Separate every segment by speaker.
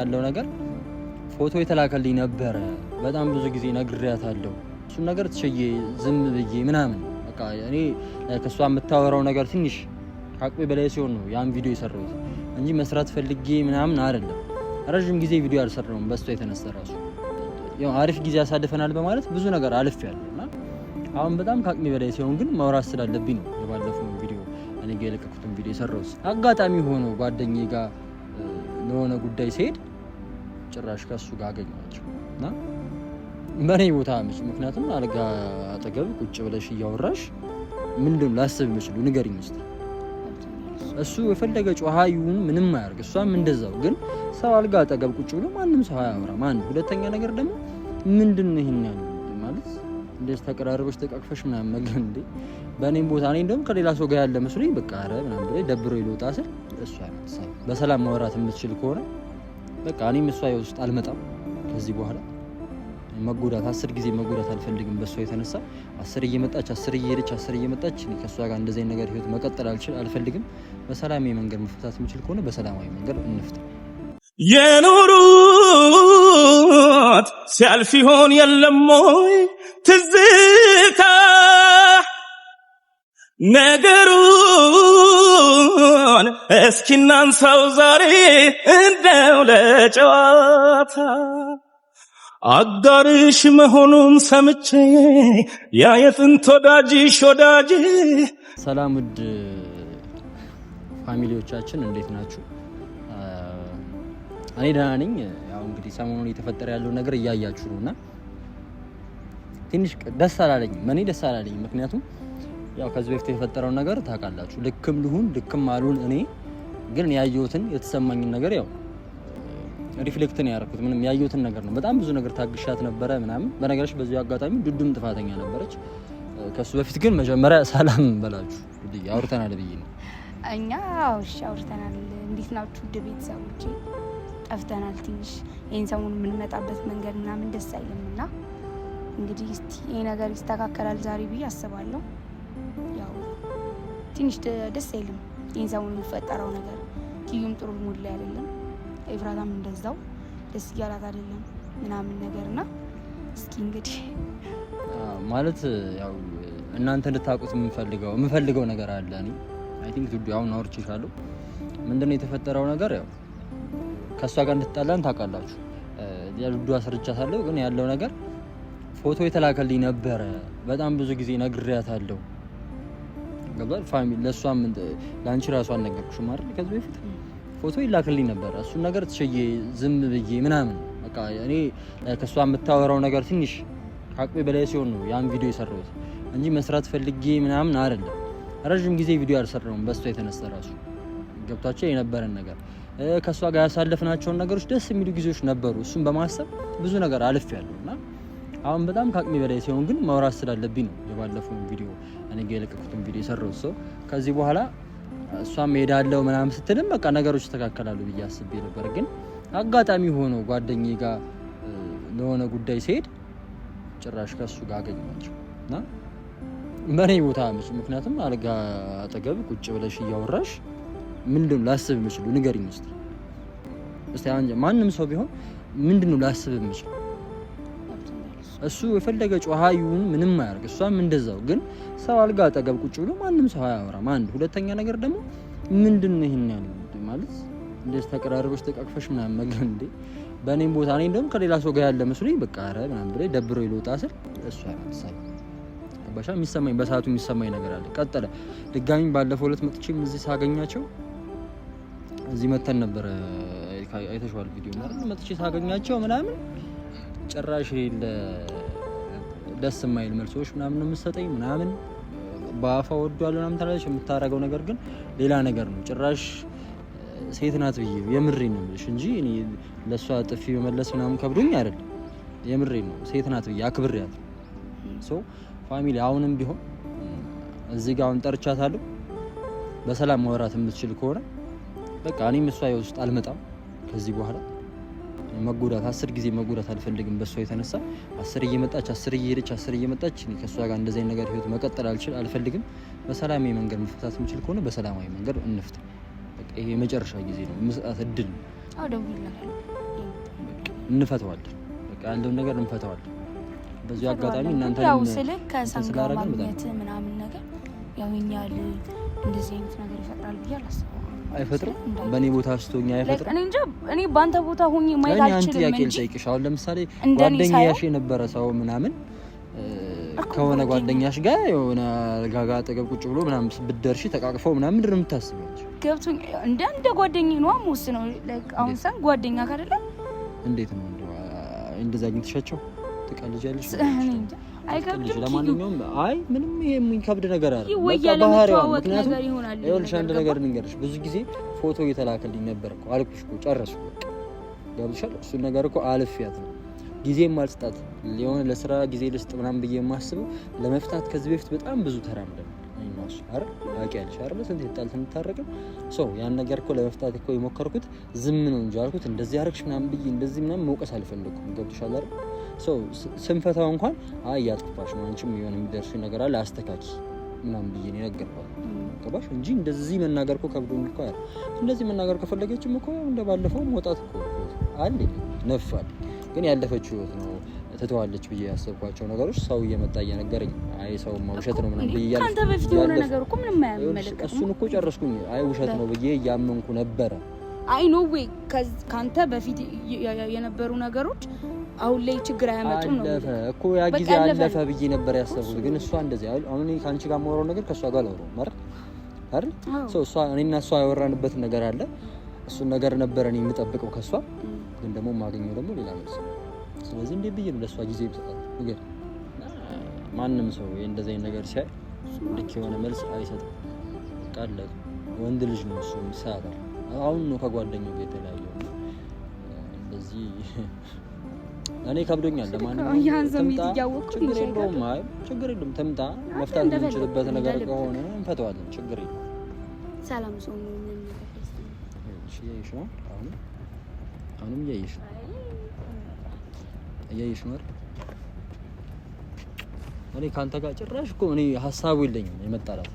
Speaker 1: ያለው ነገር ፎቶ የተላከልኝ ነበረ። በጣም ብዙ ጊዜ ነግሬያታለሁ። እሱን ነገር ትችዬ ዝም ብዬ ምናምን በቃ እኔ ከእሷ የምታወራው ነገር ትንሽ ከአቅሜ በላይ ሲሆን ነው ያን ቪዲዮ የሰራሁት እንጂ መስራት ፈልጌ ምናምን አይደለም። ረዥም ጊዜ ቪዲዮ አልሰራውም በእሷ የተነሳ ራሱ አሪፍ ጊዜ ያሳልፈናል በማለት ብዙ ነገር አልፌያለሁ እና አሁን በጣም ከአቅሜ በላይ ሲሆን ግን መውራት ስላለብኝ ነው የባለፈውን ቪዲዮ እኔ የለቀኩትን ቪዲዮ የሰራሁት። አጋጣሚ ሆኖ ጓደኛዬ ጋር ለሆነ ጉዳይ ሲሄድ ጭራሽ ከሱ ጋር አገኘኋቸው እና በእኔ ቦታ ምች ምክንያቱም አልጋ አጠገብ ቁጭ ብለሽ እያወራሽ ምንድን ላስብ የምችሉ ንገሪኝ ውስጥ እሱ የፈለገ ጮሃ ይሁን ምንም አያርግ፣ እሷም እንደዛው። ግን ሰው አልጋ አጠገብ ቁጭ ብሎ ማንም ሰው አያወራ ማን። ሁለተኛ ነገር ደግሞ ምንድን ነው ይሄን ያህል ማለት እንደዚህ ተቀራርበሽ ተቃቅፈሽ ምናምን ነገር እንዴ! በእኔም ቦታ እኔ እንደውም ከሌላ ሰው ጋር ያለ መስሎኝ በቃ ኧረ ምናምን ብለሽ ደብሮ ይልወጣ ስል እሷ በሰላም ማውራት የምትችል ከሆነ በቃ እኔም እሷ ውስጥ አልመጣም ከዚህ በኋላ መጎዳት አስር ጊዜ መጎዳት አልፈልግም። በእሷ የተነሳ አስር እየመጣች አስር እየሄደች አስር እየመጣች ከእሷ ጋር እንደዚህ ነገር ህይወት መቀጠል አልችል አልፈልግም። በሰላማዊ መንገድ መፈታት የምችል ከሆነ በሰላማዊ መንገድ እንፍታ። የኖሩት ሲያልፍ ይሆን የለም ወይ ትዝታ ነገሩ ሁን እስኪናን ሰው ዛሬ እንደው ለጨዋታ አጋርሽ መሆኑን ሰምቼ ያ የጥንት ወዳጅሽ ወዳጅ። ሰላም ውድ ፋሚሊዎቻችን እንዴት ናችሁ? እኔ ደህና ነኝ። ያው እንግዲህ ሰሞኑን እየተፈጠረ ያለው ነገር እያያችሁ ነውና ትንሽ ደስ አላለኝም። እኔ ደስ አላለኝም ምክንያቱም ያው ከዚህ በፊት የተፈጠረውን ነገር ታውቃላችሁ። ልክም ልሁን ልክም አሉን እኔ ግን ያየሁትን የተሰማኝን ነገር ያው ሪፍሌክት ነው ያደረኩት። ምንም ያየሁትን ነገር ነው። በጣም ብዙ ነገር ታግሻት ነበረ ምናምን። በነገሮች በዚህ አጋጣሚ ዱዱም ጥፋተኛ ነበረች። ከሱ በፊት ግን መጀመሪያ ሰላም በላችሁ አውርተናል ብዬ ነው
Speaker 2: እኛ እሺ፣ አውርተናል። እንዴት ናችሁ ውድ ቤተሰቦቼ? ጠፍተናል ትንሽ። ይህን ሰሞን የምንመጣበት መንገድ ምናምን ደስ አይልም እና እንግዲህ ይሄ ነገር ይስተካከላል ዛሬ ብዬ አስባለሁ። ትንሽ ደስ አይልም። ይንዛውን የሚፈጠረው ነገር ኪዩም ጥሩ ሙድ ላይ አይደለም። ኤፍራታም እንደዛው ደስ እያላት አይደለም ምናምን ነገር እና እስኪ እንግዲህ
Speaker 1: ማለት ያው እናንተ እንድታውቁት የምንፈልገው የምንፈልገው ነገር አለ። አይ ቲንክ ዱዱ አሁን አውርቼሻለሁ። ምንድነው የተፈጠረው ነገር ያው ከእሷ ጋር እንድትጣላን ታውቃላችሁ። ዱዱ አስርቻታለሁ፣ ግን ያለው ነገር ፎቶ የተላከልኝ ነበረ። በጣም ብዙ ጊዜ ነግሬያታለሁ ገብቷል። ፋሚሊ ለእሷም ለአንቺ ራሱ አልነገርኩሽም አይደል? ከዚህ በፊት ፎቶ ይላክልኝ ነበር። እሱን ነገር ትችዬ ዝም ብዬ ምናምን በቃ እኔ ከእሷ የምታወራው ነገር ትንሽ ከአቅሜ በላይ ሲሆን ነው ያን ቪዲዮ የሰራሁት እንጂ መስራት ፈልጌ ምናምን አይደለም። ረዥም ጊዜ ቪዲዮ አልሰራውም በእሷ የተነሳ ራሱ ገብቷቸው የነበረን ነገር ከእሷ ጋር ያሳለፍናቸውን ነገሮች ደስ የሚሉ ጊዜዎች ነበሩ። እሱን በማሰብ ብዙ ነገር አልፌያለሁ እና አሁን በጣም ከአቅሜ በላይ ሲሆን ግን ማውራት ስላለብኝ ነው የባለፈውን ቪዲዮ እኔ የለቀኩትን ቪዲዮ የሰራሁት ሰው ከዚህ በኋላ እሷም ሄዳለው ምናምን ስትልም በቃ ነገሮች ይስተካከላሉ ብዬ አስቤ ነበር። ግን አጋጣሚ ሆኖ ጓደኝ ጋር ለሆነ ጉዳይ ሲሄድ ጭራሽ ከሱ ጋር አገኘኋቸው እና በእኔ ቦታ መች ምክንያቱም አልጋ አጠገብ ቁጭ ብለሽ እያወራሽ ምንድነው ላስብ የምችሉ ንገሪኝ። እስኪ እስኪ ማንም ሰው ቢሆን ምንድነው ላስብ የምችሉ እሱ የፈለገ ጮኸ ይሁን ምንም አያርግ፣ እሷም እንደዛው። ግን ሰው አልጋ አጠገብ ቁጭ ብሎ ማንም ሰው አያወራም። አንድ ሁለተኛ ነገር ደግሞ ምንድን ነው ይህን ያለ ማለት እንደዚህ ተቀራርበሽ ተቃቅፈሽ ምናምን መግብ እንዴ በእኔም ቦታ እኔ እንደውም ከሌላ ሰው ጋር ያለ መስሎኝ በቃ ኧረ ምናምን ብለኝ ደብሮ ይልወጣ ስል እሱ ናት ባሻ የሚሰማኝ በሰዓቱ የሚሰማኝ ነገር አለ። ቀጠለ ድጋሚ ባለፈው ዕለት መጥቼም እዚህ ሳገኛቸው እዚህ መተን ነበረ አይተሸዋል ቪዲዮ ማለት መጥቼ ሳገኛቸው ምናምን ጭራሽ ደስ የማይል መልሶች ምናምን የምትሰጠኝ ምናምን በአፋ ወዷል ምናምን ትላለች። የምታረገው ነገር ግን ሌላ ነገር ነው። ጭራሽ ሴት ናት ብዬ የምሬ ነው የምልሽ እንጂ እኔ ለእሷ ጥፊ መለስ ምናምን ከብዶኝ አይደለም። የምሬ ነው። ሴት ናት ብዬ አክብሬያት ፋሚሊ አሁንም ቢሆን እዚህ ጋር አሁን ጠርቻታለሁ። በሰላም ማውራት የምትችል ከሆነ በቃ እኔም እሷ የውስጥ አልመጣም ከዚህ በኋላ መጎዳት አስር ጊዜ መጎዳት አልፈልግም። በእሷ የተነሳ አስር እየመጣች አስር እየሄደች አስር እየመጣች ከእሷ ጋር እንደዚህ ነገር ህይወት መቀጠል አልችል አልፈልግም። በሰላማዊ መንገድ መፍታት የምችል ከሆነ በሰላማዊ መንገድ እንፍታ። በቃ ይሄ የመጨረሻ ጊዜ ነው የምሰጣት እድል ነው። እንፈተዋለን። በቃ ያለውን ነገር እንፈተዋለን። በዚህ አጋጣሚ እናንተ
Speaker 2: ስልክ ከሰንጋ ማግኘት ምናምን ነገር ያው ይኛል እንደዚህ አይነት ነገር ይፈጥራል ብዬ አላስብም።
Speaker 1: አይፈጥርም። በእኔ ቦታ ስቶኛ አይፈጥርም።
Speaker 2: እኔ እንጃ እኔ ባንተ ቦታ ሆኜ ማየት አልችልም።
Speaker 1: ጥያቄ ልጠይቅሽ። አሁን ለምሳሌ ጓደኛሽ የነበረ ሰው ምናምን ከሆነ ጓደኛሽ ጋር የሆነ ጋጋ ጋር አጠገብ ቁጭ ብሎ ምናምን ብትደርሺ ተቃቅፈው ምናምን ምንድን ነው የምታስበው?
Speaker 2: እንደ እንደ ጓደኛ ነው ሙስ ነው አሁን ሰን ጓደኛ ካደለ
Speaker 1: እንዴት ነው እንደዛ አግኝተሻቸው ትቀልጃለሽ? አይከብድም። ለማንኛውም አይ ምንም የሚከብድ ነገር አለ ባህሪዋ። ምክንያቱም ይኸውልሽ አንድ ነገር ልንገርሽ፣ ብዙ ጊዜ ፎቶ እየተላከልኝ ነበር እኮ አልኩሽ እኮ ጨረስኩ፣ ገብቶሻል። እሱን ነገር እኮ አልፌያት ነው ጊዜ ማልስጣት የሆነ ለስራ ጊዜ ልስጥ ምናምን ብዬ የማስበው ለመፍታት ከዚህ በፊት በጣም ብዙ ተራምደን ያን ነገር እኮ ለመፍታት እኮ የሞከርኩት ዝም ነው እንጂ አልኩት እንደዚህ አደረግሽ ምናምን ብዬ እንደዚህ ምናምን መውቀስ አልፈለኩም ገብቶሻል አይደል ስንፈታው እንኳን አይ እያጠፋሽ ነው አንቺም የሆነ የሚደርሱ ነገር አለ አስተካኪ ምናምን ብዬ ነው የነገርኳት ገባሽ እንጂ እንደዚህ መናገር እኮ ከብዶኝ እኮ ያለ እንደዚህ መናገር ከፈለገችም እኮ እንደባለፈው መውጣት እኮ አለ ነፋል ግን ያለፈችው ህይወት ነው ትተዋለች ብዬ ያሰብኳቸው ነገሮች ሰው እየመጣ እየነገረኝ አይ ሰው ውሸት ነው ምናምን ብዬ እሱን እኮ ጨረስኩኝ። አይ ውሸት ነው ብዬ እያመንኩ ነበረ።
Speaker 2: አይ ኖ ወይ ከአንተ በፊት የነበሩ ነገሮች አሁን ላይ ችግር አያመጡም ነው
Speaker 1: እኮ። ያ ጊዜ አለፈ ብዬ ነበር ያሰብኩት፣ ግን እሷ እንደዚህ አሁን ከአንቺ ጋር የማወራው ነገር ከእሷ ጋር አላወራሁም አይደል አይደል? እሷ እኔና እሷ ያወራንበት ነገር አለ። እሱን ነገር ነበረ እኔ የምጠብቀው ከእሷ፣ ግን ደግሞ የማገኘው ደግሞ ሌላ መልስ ነው። ስለዚህ እንዴት ብዬ ነው ለእሷ ጊዜ ይሰጣል? ግን ማንም ሰው እንደዚህ አይነት ነገር ሲያይ ልክ የሆነ መልስ አይሰጥም። ቃለ ወንድ ልጅ ነው እሱ። ምሳሌ አሁን ነው ከጓደኛው ጋር የተለያየው እንደዚህ እኔ ከብዶኛል።
Speaker 2: ለማንኛውም
Speaker 1: ችግር የለውም። አይ ትምጣ። መፍታት የምንችልበት ነገር ከሆነ እንፈተዋለን። ችግር የለም።
Speaker 2: ሰላም ሰው ነው።
Speaker 1: እኔ ከአንተ ጋር ጭራሽ እኮ እኔ ሀሳቡ የለኝም የመጣላት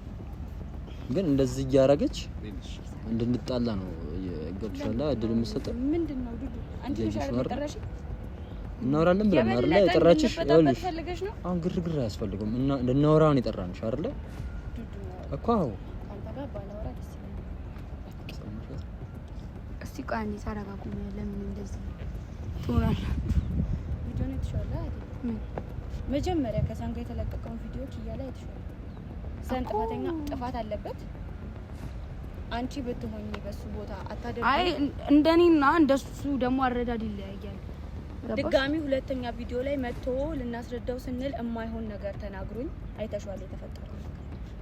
Speaker 1: ግን እንደዚህ እያደረገች እንድንጣላ ነው። ገብቶሻል? እድል የምትሰጠው ምንድን ነው? እናወራለን ብለን አይደለ? የጠራችሽ ይኸውልሽ፣ አሁን ግርግር አያስፈልግም እና ልናወራውን የጠራንሽ አይደለ እኮ። አዎ
Speaker 2: እስቲ ቆይ አንዴ ታረጋጉ። ለምን እንደዚህ ትሆናላችሁ? ቪዲዮ ነው የተሻለ አይደል? መጀመሪያ ከሳንጋ የተለቀቀውን ቪዲዮዎች እያለ የተሻለ ሰን ጥፋተኛ ጥፋት አለበት። አንቺ ብትሆኚ በሱ ቦታ አታደርጊ። አይ እንደኔና እንደሱ ደግሞ አረዳድ ይለያያል። ድጋሚ ሁለተኛ ቪዲዮ ላይ መጥቶ ልናስረዳው ስንል የማይሆን ነገር ተናግሩኝ። አይተሽዋል የተፈጠረው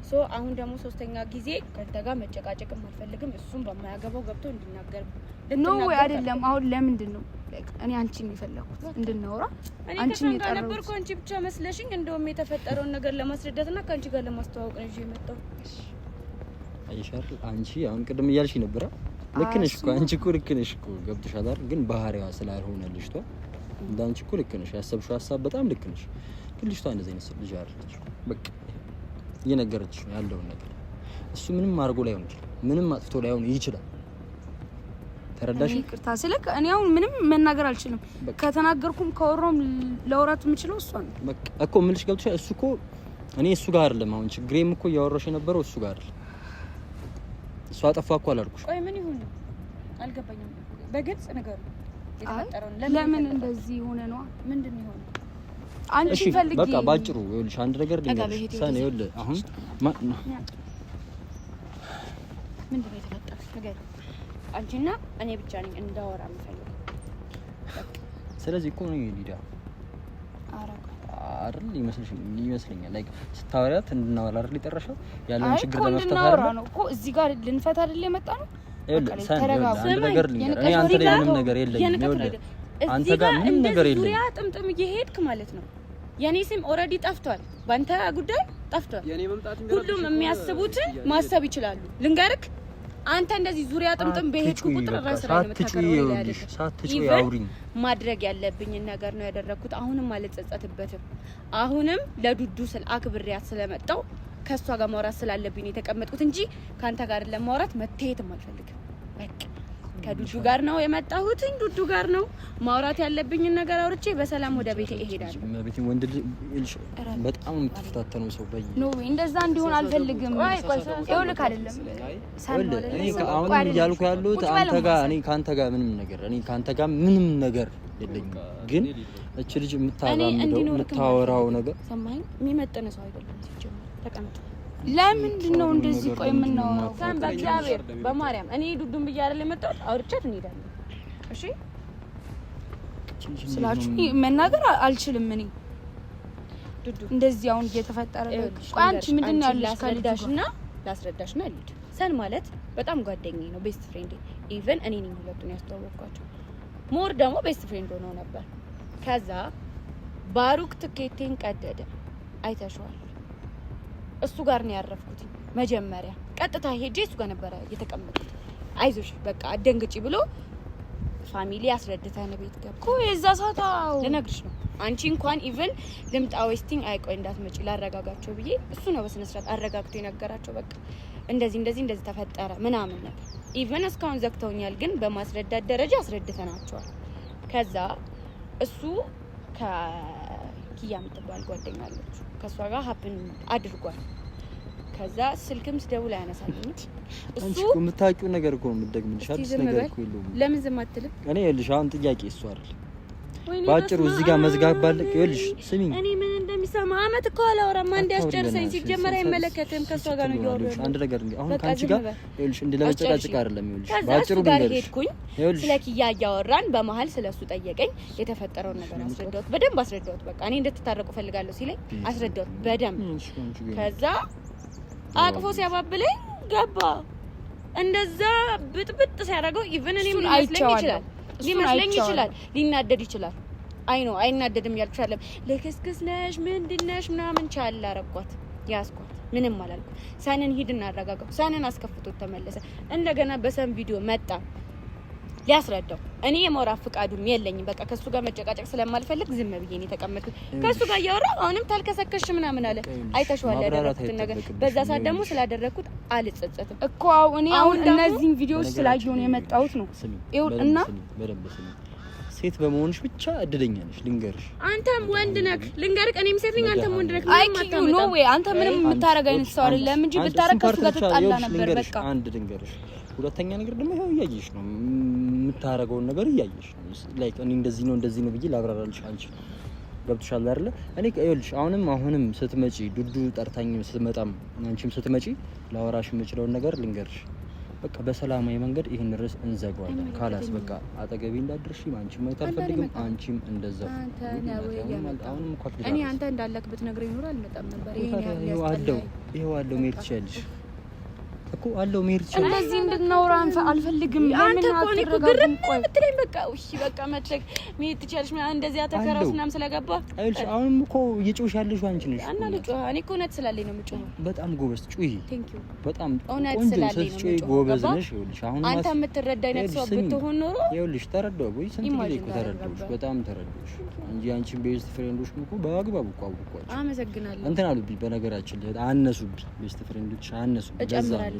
Speaker 2: ሶ አሁን ደግሞ ሶስተኛ ጊዜ ከአንተ ጋር መጨቃጨቅም አልፈልግም። እሱም በማያገባው ገብቶ እንዲናገር ኖ ወይ አይደለም። አሁን ለምንድን ነው እኔ አንቺን የፈለኩት እንድናወራ አንቺን የጠራሁት ነበር። አንቺ ብቻ መስለሽኝ። እንደውም የተፈጠረውን ነገር ለማስረዳትና ከአንቺ ጋር ለማስተዋወቅ ነው ይዤ የመጣው።
Speaker 1: አይሻል አንቺ አሁን ቅድም እያልሽ ነበረ። ልክ ነሽ እኮ አንቺ እኮ ልክ ነሽ እኮ ገብቶሻል አይደል? ግን ባህሪዋ ስላልሆነ ልጅቷ እንዳንቺ እኮ ልክ ነሽ፣ ያሰብሽው ሀሳብ በጣም ልክ ነሽ። ግን ልጅቷ እንደዚህ አይነት ልጅ አይደለች። በቃ እየነገረች ነው ያለውን ነገር። እሱ ምንም አድርጎ ላይሆን ይችላል፣ ምንም አጥፍቶ ላይሆን ይችላል። ተረዳሽ?
Speaker 2: ይቅርታ ስለክ እኔ አሁን ምንም መናገር አልችልም። ከተናገርኩም ከወሮም ለወራት የምችለው እሷ ነው።
Speaker 1: በቃ እኮ ምልሽ ገብቶሻል። እሱ እኮ እኔ እሱ ጋር አይደለም አሁን ችግሬም እኮ እያወራሽ የነበረው እሱ ጋር አይደለም። እሷ አጠፋ እኮ አላልኩሽ።
Speaker 2: ቆይ ምን ይሁን አልገባኝም። በግልጽ ነገር ለምን እንደዚህ የሆነ ነው? ምንድን ነው የሆነው? አንቺ
Speaker 1: በቃ ባጭሩ ይኸውልሽ አንድ ነገር ልንገርሽ። ይኸውልህ አሁን
Speaker 2: ምንድን ነው የተፈጠረው ነገር? አንቺና እኔ ብቻ ነኝ እንዳወራ የምፈልገው።
Speaker 1: ስለዚህ እኮ ነው ሊዳ አይደል ይመስለኛል። ላይክ ስታወሪያት እንድናወራ አይደል የጠራሻው ያለውን ችግር
Speaker 2: ለመፍታት ነው እኮ እዚህ ጋር ልንፈታ አይደል የመጣ ነው ዙሪያ ጥምጥም እየሄድክ ማለት ነው። የኔ ስም ኦልሬዲ ጠፍቷል፣ በአንተ ጉዳይ ጠፍቷል። ሁሉም የሚያስቡትን ማሰብ ይችላሉ። ልንገርክ አንተ እንደዚህ ዙሪያ ጥምጥም በሄድኩ
Speaker 1: ቁጥር ራስ
Speaker 2: ማድረግ ያለብኝን ነገር ነው ያደረግኩት። አሁንም አልጸጸትበትም። አሁንም ለዱዱ ስል አክብሬያት ስለመጣው ከእሷ ጋር ማውራት ስላለብኝ የተቀመጥኩት እንጂ ከአንተ ጋር ለማውራት መታየትም አልፈልግም። በቃ ከዱዱ ጋር ነው የመጣሁት፣ ዱዱ ጋር ነው ማውራት ያለብኝን ነገር አውርቼ በሰላም ወደ ቤቴ እሄዳለሁ።
Speaker 1: በጣም የምትፈታተነው ሰው በይ
Speaker 2: ኖ እንደዛ እንዲሆን አልፈልግም። ይኸውልህ አይደለም
Speaker 1: አሁን እያልኩ ያሉት አንተ ጋር እኔ ከአንተ ጋር ምንም ነገር እኔ ከአንተ ጋር ምንም ነገር የለኝም፣ ግን እች ልጅ የምታራምደው የምታወራው ነገር
Speaker 2: የሚመጥን ሰው አይደለም ተቀመጥ። ለምንድን ነው እንደዚህ? ቆይ የምናወራው ሰን በእግዚአብሔር በማርያም እኔ ዱዱን ብዬ አይደል የመጣሁት። አውርቻት እንሄዳለን። እሺ ስላችሁ መናገር አልችልም እኔ ዱዱ። እንደዚህ አሁን እየተፈጠረ ቆይ አንቺ ምንድን ነው ያለሽ? ላስረዳሽና ላስረዳሽና ልጅ ሰን ማለት በጣም ጓደኛ ነው፣ ቤስት ፍሬንዴ ኢቨን እኔ ነኝ ሁለቱን ያስተዋወቅኳቸው። ሞር ደግሞ ቤስት ፍሬንድ ሆነው ነበር። ከዛ ባሩክ ትኬቴን ቀደደ። አይተሽዋል እሱ ጋር ነው ያረፍኩት። መጀመሪያ ቀጥታ ሄጄ እሱ ጋር ነበረ የተቀመጡት። አይዞሽ በቃ አደንግጪ ብሎ ፋሚሊ አስረድተን ቤት ገብኩ። የዛ ሰዓት ልነግርሽ ነው። አንቺ እንኳን ኢቭን ልምጣ ዌስቲንግ አይቆይ እንዳትመጪ ላረጋጋቸው ብዬ እሱ ነው በስነ ስርዓት አረጋግቶ የነገራቸው። በቃ እንደዚህ እንደዚህ እንደዚህ ተፈጠረ ምናምን ነበር። ኢቭን እስካሁን ዘግተውኛል፣ ግን በማስረዳት ደረጃ አስረድተናቸዋል። ከዛ እሱ ከ ኪያ የምትባል ጓደኛ አለች። ከእሷ ጋር ሀፕን አድርጓል። ከዛ ስልክም ስደውል አያነሳልኝ።
Speaker 1: እሱ የምታውቂው ነገር እኮ ነው የምትደግምልሽ።
Speaker 2: አዲስ ነገር እኮ የለውም። ለምን ዝም አትልም?
Speaker 1: እኔ ይኸውልሽ አሁን ጥያቄ እሱ አይደል ባጭሩ እዚህ ጋር መዝጋት ባለቅ ይኸውልሽ፣ ስሚኝ
Speaker 2: እኔ ምን እንደሚሰማ አመት እኮ አላወራም። አንድ ያስጨርሰኝ። ሲጀመር አይመለከትም። ከእሷ ጋር ነው
Speaker 1: እያወራሁ። አንድ ነገር እንግዲህ አሁን ከአንቺ ጋር ይኸውልሽ፣ እንደ ለመጨቃጨቅ አይደለም።
Speaker 2: ይኸውልሽ፣ ባጭሩ ጋር ሄድኩኝ። ስለ ኪያ እያወራን በመሀል ስለ እሱ ጠየቀኝ። የተፈጠረውን ነገር አስረዳሁት፣ በደንብ አስረዳሁት። በቃ እኔ እንድትታረቁ ፈልጋለሁ ሲለኝ አስረዳሁት በደንብ። ከዛ አቅፎ ሲያባብለኝ ገባ። እንደዛ ብጥብጥ ሲያደርገው ኢቨን እኔ ምን ይመስለኝ ይችላል ሊመስለኝ ይችላል፣ ሊናደድ ይችላል። አይ ነው አይናደድም ያልኩሽ አይደለም። ልክስክስ ነሽ ምንድን ነሽ ምናምን ቻል አረኳት፣ ያዝኳት፣ ምንም አላልኩም። ሰንን ሂድ እናረጋጋው። ሰንን አስከፍቶት ተመለሰ። እንደገና በሰን ቪዲዮ መጣ ሊያስረዳው እኔ የሞራል ፍቃዱም የለኝም። በቃ ከሱ ጋር መጨቃጨቅ ስለማልፈልግ ዝም ብዬ ነው የተቀመጥኩት። ከሱ ጋር እያወራ አሁንም ታልከሰከሽ ምናምን አለ። አይተሽዋል ያደረኩትን ነገር። በዛ ሰዓት ደግሞ ስላደረግኩት አልጸጸትም እኮ እኔ አሁን እነዚህን ቪዲዮዎች ስላየሁ ነው የመጣሁት ነው እና
Speaker 1: ሴት በመሆንሽ ብቻ እድለኛ ነሽ። ልንገርሽ፣
Speaker 2: አንተም ወንድ ነህ። ልንገርህ፣ እኔም ሴት ነኝ፣ አንተም ወንድ ነህ። አይ ኪዩ ኖ ዌይ አንተ ምንም የምታረግ አይነት ሰው አይደለም እንጂ ብታረግ ከሱ
Speaker 1: ጋር ትጣላ ነበር። በቃ አንድ ልንገርሽ ሁለተኛ ነገር ደግሞ ይኸው እያየሽ ነው የምታረገውን ነገር እያየሽ ነው። ላይክ እኔ እንደዚህ ነው እንደዚህ ነው ብዬ ላብራራልሽ አልችልም። ገብቶሻል አይደለ? እኔ ይኸውልሽ አሁንም አሁንም ስትመጪ ዱዱ ጠርታኝ ስትመጣም አንቺም ስትመጪ ላወራሽ የምችለውን ነገር ልንገርሽ። በቃ በሰላማዊ መንገድ ይህን ርዕስ እንዘጓለን። ካላስ በቃ አጠገቤ እንዳደርሽ አንቺ ማየት አልፈልግም። አንቺም እንደዛ
Speaker 2: እኔ አንተ እንዳለክ ብትነግረኝ ኖሮ አልመጣም
Speaker 1: ነበር። ይሄ አለው ይሄው አለው መሄድ ትችያለሽ እኮ አለው መሄድ ይችላል።
Speaker 2: እንደዚህ እንድናወራ አልፈልግም። አንተ እኮ እኔ እኮ ግርም የምትለኝ በቃ እሺ፣ በቃ መድረግ መሄድ ትችያለሽ ምናምን እንደዚህ አተከራው ምናምን ስለገባ
Speaker 1: አይልሽ። አሁንም እኮ እየጮሽ ያለሽው አንቺ ነሽ
Speaker 2: እና ልጮህ እኔ እኮ እውነት ስላለኝ ነው የምጮህ።
Speaker 1: በጣም ጎበዝ ጩሂ፣ በጣም እውነት ስላለኝ ነው ጎበዝ ነሽ። ይኸውልሽ
Speaker 2: አሁን አንተ የምትረዳ አይነት ሰው ብትሆን ኖሮ
Speaker 1: ይኸውልሽ፣ ተረዳሁ ወይ ስንት ጊዜ እኮ ተረዳሁሽ፣ በጣም ተረዳሁሽ እንጂ አንቺን ቤስት ፍሬንዶች እኮ በአግባቡ እኮ አውቋቸው።
Speaker 2: አመሰግናለሁ።
Speaker 1: እንትን አሉብኝ በነገራችን ላይ አነሱብኝ፣ ቤስት ፍሬንዶች አነሱብኝ።
Speaker 2: እጨምራለሁ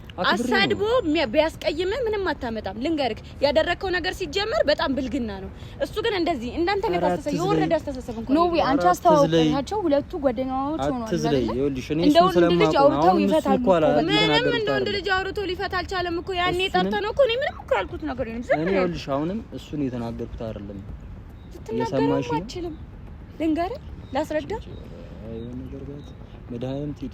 Speaker 2: አሳድቦ ቢያስቀይም ምንም አታመጣም። ልንገርክ ያደረግከው ነገር ሲጀመር በጣም ብልግና ነው። እሱ ግን እንደዚህ እንዳንተ ነው ታስተሰ የወረደ አስተሳሰብ እንኳን ነው። አንቺ አስተዋውቀሻቸው ሁለቱ ጓደኛዎች ሆኖ ሆነው አይደል? እንደ ወንድ ልጅ አውርተው ይፈታል። ምንም እንደ ልጅ አውርተው ሊፈታ አልቻለም እኮ ያኔ ጠርተ ነው እኮ እኔ ምንም እኮ ያልኩት ነገር የለም።
Speaker 1: ዝም ብለህ ልሽ አሁንም እሱን የተናገርኩት አይደለም።
Speaker 2: እየሰማሽ ነው። ልንገርህ ላስረዳ
Speaker 1: መድኃኒዓለም ትሂድ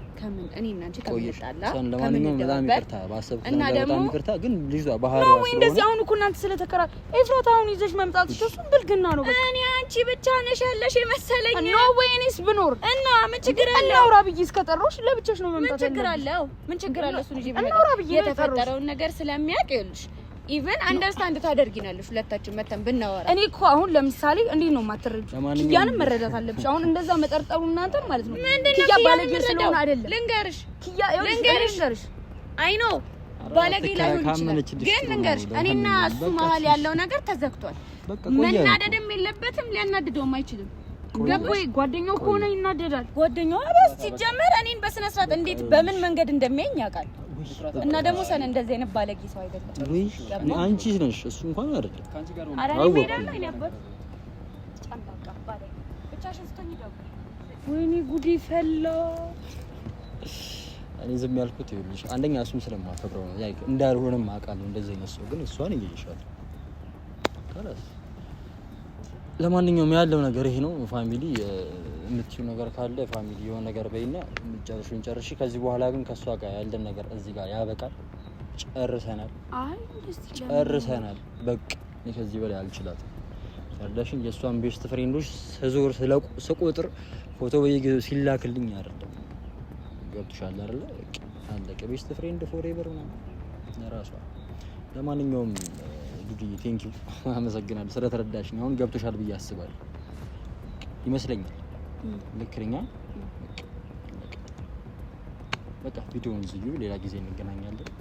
Speaker 2: ከምን እኔ እና አንቺ
Speaker 1: ከምንጣላ ለማንኛውም በጣም ይቅርታ ባሰብኩት እና ደግሞ ይቅርታ ግን ልጅቷ ባህሪ ነው
Speaker 2: እንደዚህ አሁን እኮ እናንተ ስለተከራ ኤፍራት አሁን ይዘሽ መምጣት እሱም ብልግና ነው በቃ እኔ አንቺ ብቻ ነሽ ያለሽ የመሰለኝ ኖ ወይ እኔስ ብኖር እና ምን ችግር አለ እናውራ ብዬ እስከጠራሁሽ ለብቻሽ ነው መምጣት ምን ችግር አለ ምን ችግር አለ እሱ ልጅ ቢመጣ የተፈጠረውን ነገር ስለሚያውቅ ይኸውልሽ ኢቨን አንደርስታንድ ታደርጊናለሽ ሁለታችን መተን ብናወራ። እኔ እኮ አሁን ለምሳሌ እንዴት ነው የማትረጁ? ኪያንም መረዳት አለብሽ። አሁን እንደዛ መጠርጠሩ እናንተ ማለት ነው። ኪያ ባለጌ ስለሆነ አይደለም። ልንገርሽ፣ ኪያ ልንገርሽ፣ ልንገርሽ፣ አይ ነው ባለጌ ላይሆን ይችላል፣ ግን ልንገርሽ፣ እኔና እሱ መሀል ያለው ነገር ተዘግቷል። መናደድም የለበትም ሊያናድደውም አይችልም። ገቦይ ጓደኛው ከሆነ ይናደዳል። ጓደኛው አበስ ሲጀመር እኔን በስነ ስርዓት እንዴት በምን መንገድ እንደሚያኝ ያውቃል። እና ደግሞ ሰን እንደዚህ አይነት ባለጌ ሰው
Speaker 1: አይደለም። አንቺ ነሽ እሱ እንኳን
Speaker 2: አይደለም። ወይኔ ጉዴ ፈላ።
Speaker 1: እኔ ዝም ያልኩት ይኸውልሽ፣ አንደኛ እሱን ስለማከብረው ነው። እንዳልሆነም አውቃለሁ። እንደዚህ አይነት ሰው ግን እሷን እየይሻለሁ። ለማንኛውም ያለው ነገር ይሄ ነው ፋሚሊ የምትችው ነገር ካለ ፋሚሊ የሆነ ነገር በይና ጨርሹን ጨርሽ። ከዚህ በኋላ ግን ከእሷ ጋር ያለን ነገር እዚህ ጋር ያበቃል። ጨርሰናል፣ ጨርሰናል። በቃ ከዚህ በላይ አልችላትም። ተረዳሽኝ? የእሷን ቤስት ፍሬንዶች ስዞር ስቆጥር ፎቶ በየጊዜው ሲላክልኝ አይደለም። ገብቶሻል አለ አለቀ። ቤስት ፍሬንድ ፎሬቨር ምናምን ራሷ። ለማንኛውም ዱድዬ ቴንኪው፣ አመሰግናለሁ ስለተረዳሽኝ። አሁን ገብቶሻል ብዬ አስባለሁ ይመስለኛል። ልክ በቃ ቪዲዮውን ዝዩ፣ ሌላ ጊዜ እንገናኛለን።